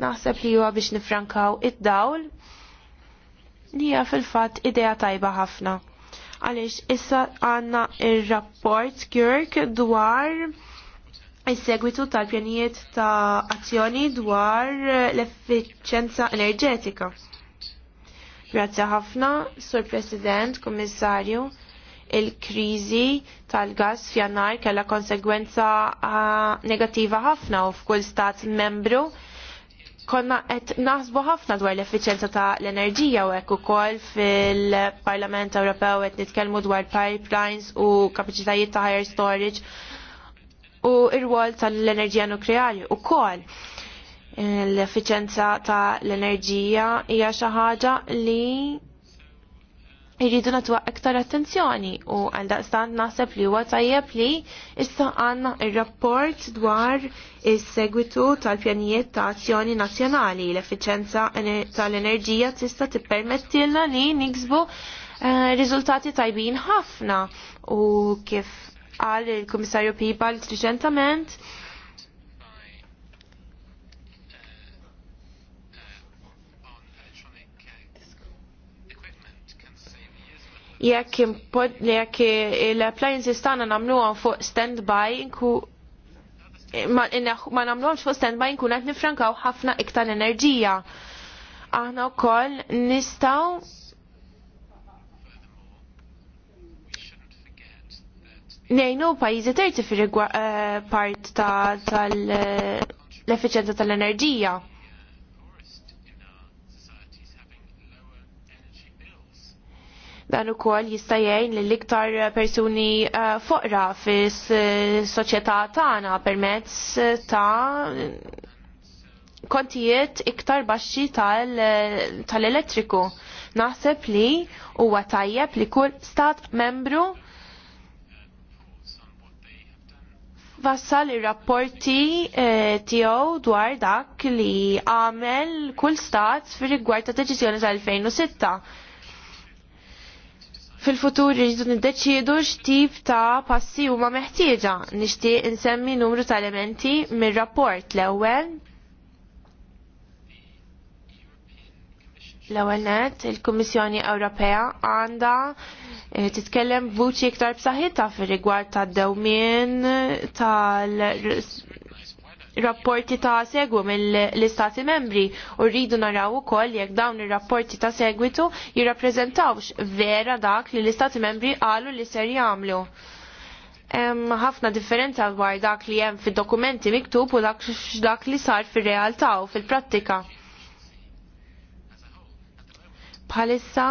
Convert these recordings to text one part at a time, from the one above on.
Naħseb li huwa biex nifrankaw id-dawl li hija fil-fatt idea tajba ħafna. Għaliex issa għandna ir-rapport Kirk dwar is-segwitu tal-pjanijiet ta' azzjoni dwar l-effiċenza enerġetika. Grazzi ħafna, Sur President, Kommissarju, il-krizi tal-gas f'jannar kellha konsegwenza ah, negattiva ħafna u f'kull stat membru konna qed naħsbu ħafna dwar l-effiċenza ta' l-enerġija u hekk ukoll fil-Parlament Ewropew qed nitkellmu dwar pipelines u kapaċitajiet ta' higher storage u r-rwol tal-enerġija nukleari ukoll l-effiċenza ta' l-enerġija hija xi ħaġa li irridu natu aktar attenzjoni u għaldaqstant naħseb li huwa tajjeb li issa għanna ir-rapport dwar is-segwitu tal-pjanijiet ta' azzjoni nazzjonali l-effiċenza tal-enerġija tista' tippermettilna li niksbu eh, riżultati tajbin ħafna u kif qal il-Kummissarju l triċentament jekk jekk l-appliances tagħna nagħmluhom fuq standby inku ma, nagħmluhomx fuq standby nkun qed nifrankaw ħafna iktar enerġija. Aħna wkoll nistgħu nejnu pajizi terzi fi eh, part tal-efficienza tal-enerġija. Ta Dan ukoll jista' jgħin lil iktar persuni eh, foqra fis-soċjetà eh, tagħna permezz ta' kontijiet iktar baxxi eh, tal-elettriku. Tal Naħseb li huwa tajjeb li kull stat membru vassal ir-rapporti eh, tiegħu dwar dak li għamel kull stat fir rigward ta' deċiżjoni tal-2006 fil-futur irridu niddeċiedu x'tip ta' passi huma meħtieġa. Nixtieq insemmi numru ta' elementi mir-rapport l-ewwel. L-ewwel net, il-Kummissjoni Ewropea għandha eh, titkellem b'vuċi iktar b'saħħitha fir-rigward tad-dewmien tal rapporti ta' segwu mill-istati membri u rridu naraw ukoll jekk dawn ir-rapporti ta' segwitu jirrappreżentawx vera dak li l-istati membri qalu li ser jagħmlu. ħafna differenza dwar dak li hemm fid-dokumenti miktub u dak, dak li sar fir-realtà u fil-prattika. Bħalissa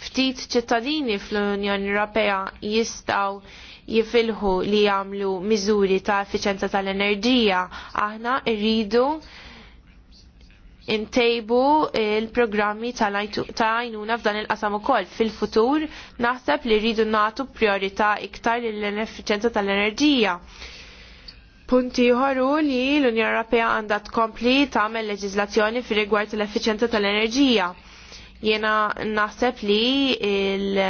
ftit ċittadini fl-Unjoni Ewropea jistgħu jifilħu li jagħmlu miżuri ta' effiċenza tal-enerġija, aħna rridu intejbu il-programmi ta' għajnuna f'dan il-qasam ukoll fil-futur naħseb li rridu nagħtu priorità iktar lill-effiċenza tal-enerġija. Punti ħorru li l-Unjoni Ewropea għandha tkompli tagħmel leġiżlazzjoni fir rigward l-effiċenza tal-enerġija. Jiena naħseb li il-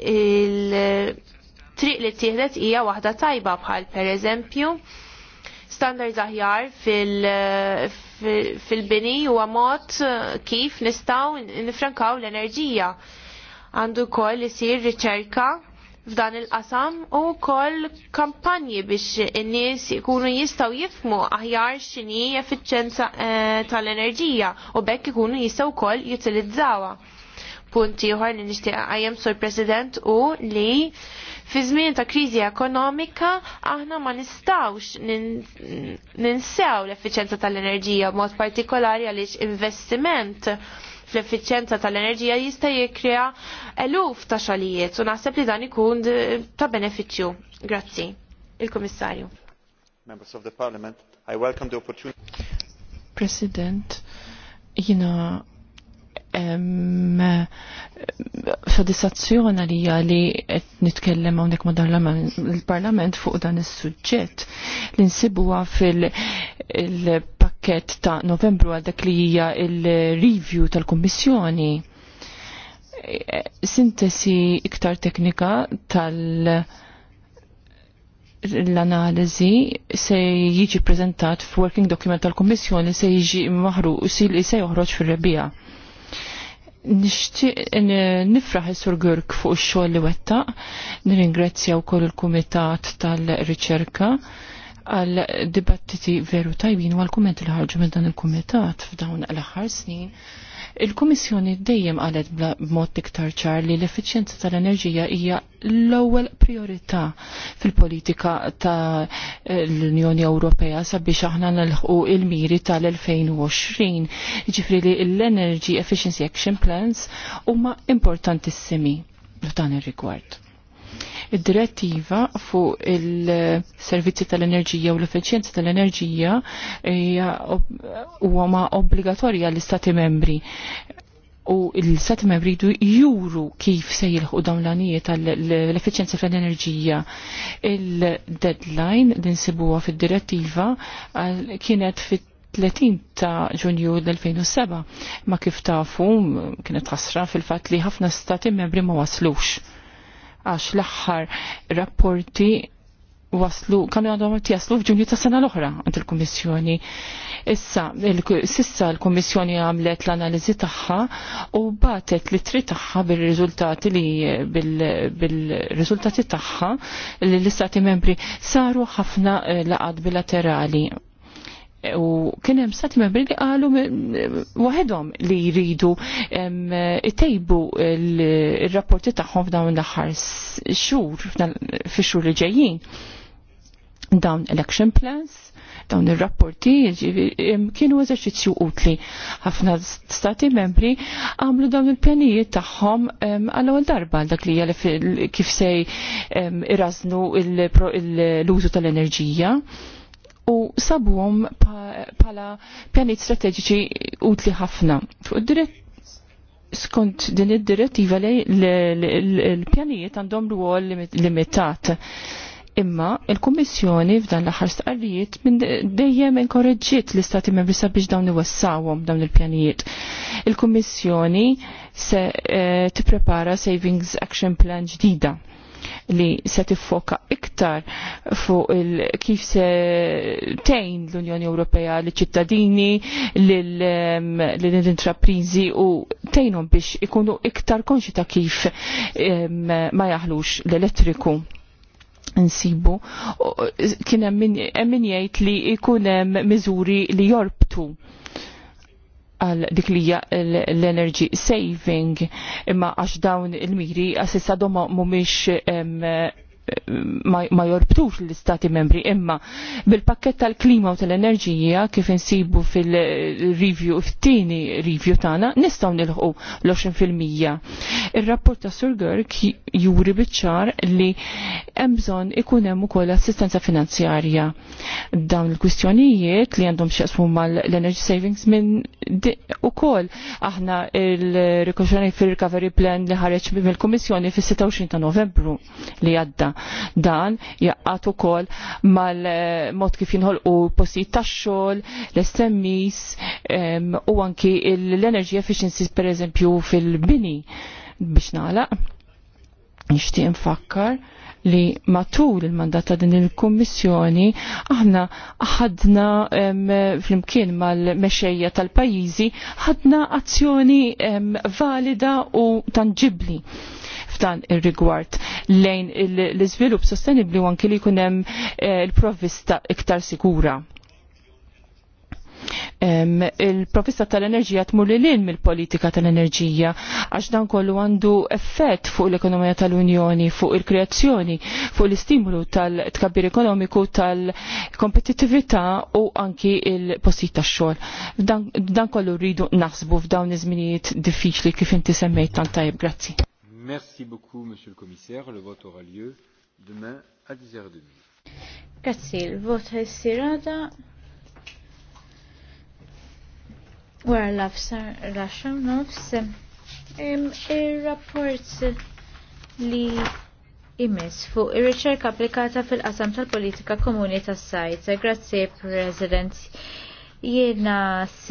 il li tieħdet hija waħda tajba bħal pereżempju standards aħjar fil-bini u għamot kif nistaw nifrankaw l-enerġija. Għandu li jisir riċerka f'dan il-qasam u kol kampanji biex n-nies ikunu jistaw jifmu aħjar xini effiċenza eh, tal-enerġija u bekk ikunu jistaw kol jutilizzawa punti uħar li nishtiq għajem sur president u li fi żmien ta' kriżi ekonomika aħna ma nistawx ninsew l-effiċenza tal-enerġija mod partikolari għaliex investiment fl-effiċenza tal-enerġija jista' jikkrea eluf ta' xalijiet u naħseb li dan ikun ta' benefiċċju. Grazzi. il komissarju Members of the Parliament, I welcome the opportunity. President, jina you know, sodisfazzjona li li qed nitkellem hawnhekk ma' il-Parlament fuq dan is-suġġett li nsibuha fil-pakket ta' Novembru għal dak li hija il-review tal-Kummissjoni. Sintesi iktar teknika tal- l-analizi se jiġi prezentat f'working document tal-Kommissjoni se jiġi maħru se joħroġ fir-rebija nixtieq nifraħ sur Gurk fuq ix-xogħol li wettaq, nirringrazzja wkoll il-Kumitat tal-Riċerka għal dibattiti veru tajbin u għal kumenti li ħarġu minn dan il-kumitat f'dawn l-aħħar snin Il-Kummissjoni dejjem qalet b'mod iktar ċar li l-effiċjenza tal-enerġija hija l-ewwel priorità fil-politika ta' l-Unjoni Ewropea sabiex aħna nelħu il-miri tal-2020. Ġifri li l-Energy Efficiency Action Plans huma importantissimi f'dan ir-rigward Id-direttiva fuq il-servizzi tal-enerġija u l-efficienza tal-enerġija eh, huwa ma obbligatorja l-Istati membri u l istati Membri du juru kif se jilħu dawn l-għanijiet tal-efficienza tal enerġija Il-deadline li nsibuha fid-direttiva kienet fit 30 ta' ġunju l-2007 ma kif tafu kienet ħasra fil-fat li ħafna stati membri ma waslux għax l-aħħar rapporti waslu, kanu għandhom jaslu f'ġunju ta' sena l-oħra għand il-Kummissjoni. Issa, sissa l-Kummissjoni għamlet l-analizi tagħha u batet li tri tagħha bil rizultati li bil-riżultati tagħha li l-istati membri saru ħafna eh, laqad bilaterali u kien hemm stati membri li qalu waħedhom li jridu ittejbu il-rapporti tagħhom f'dawn l-aħħar xhur fix-xhur li ġejjin dawn election plans, dawn ir rapporti kienu eżerċizzju utli. ħafna stati membri għamlu dawn il-pjanijiet tagħhom għall ewwel darba dak li jale kif se iraznu l-użu tal-enerġija u sabuhom pala pjanit strateġiċi utli ħafna. Fuq id skont din id-direttiva l-pjanijiet għandhom rwol limitat. Imma il-Kummissjoni f'dan l-aħħar stqarrijiet minn dejjem inkorreġġiet l-Istati Membri sabiex dawn iwassawhom dawn il-pjanijiet. Il-Kummissjoni se eh, tipprepara Savings Action Plan ġdida li se tiffoka iktar fuq kif se tejn l-Unjoni Ewropea li ċittadini l-intraprizi u tejnhom biex ikunu iktar konxi ta' kif ma jaħlux l-elettriku nsibu kien hemm min jgħid li ikun hemm miżuri li jorbtu għal dik li l-energy saving imma għax dawn il-miri għasissa domma mumiex ma jorbtux l-istati membri imma bil-pakket tal-klima u tal-enerġija kif insibu fil-review f'tini review tagħna nistgħu nilħu l-20%. Ir-rapport ta' Sur juri biċ-ċar li hemm bżonn ikun hemm ukoll assistenza finanzjarja. Dawn il-kwistjonijiet li għandhom x'jaqsmu mal-energy savings minn ukoll aħna il-rikoxjoni fil-recovery plan li ħareġ mill-Kummissjoni fis-26 ta' Novembru li għadda dan jaqqat ukoll mal-mod kif jinħolqu postijiet tax-xogħol, l-SMEs u anki l-energy efficiency pereżempju fil-bini biex nagħlaq. Nixtieq nfakkar li matul il-mandat ta' din il-Kummissjoni aħna ħadna fl-imkien mal-mexejja tal-pajjiżi ħadna azzjoni valida u tangibli f'dan ir-rigward lejn l-iżvilupp sostenibli u anki li jkun hemm eh, il-provvista iktar sigura il-provista tal-enerġija tmur li lin mill-politika tal-enerġija għax dan kollu għandu effett fuq l-ekonomija tal-Unjoni, fuq il-kreazzjoni, fuq l-istimulu tal-tkabbir ekonomiku, tal-kompetittività u anki il-postijiet tax-xogħol. Dan kollu rridu naħsbu f'dawn iż-żminijiet diffiċli kif inti semmejt tant tajjeb. Grazzi. Merci beaucoup, Monsieur le Commissaire. Le vote aura lieu demain à 10h30. Grazie, il voto è serata. Wara l-afsar raxam ehm, Il-rapport li imis fu. ir-riċerka applikata fil-qasam tal-politika komuni tas-sajt. Grazie, President. Jiena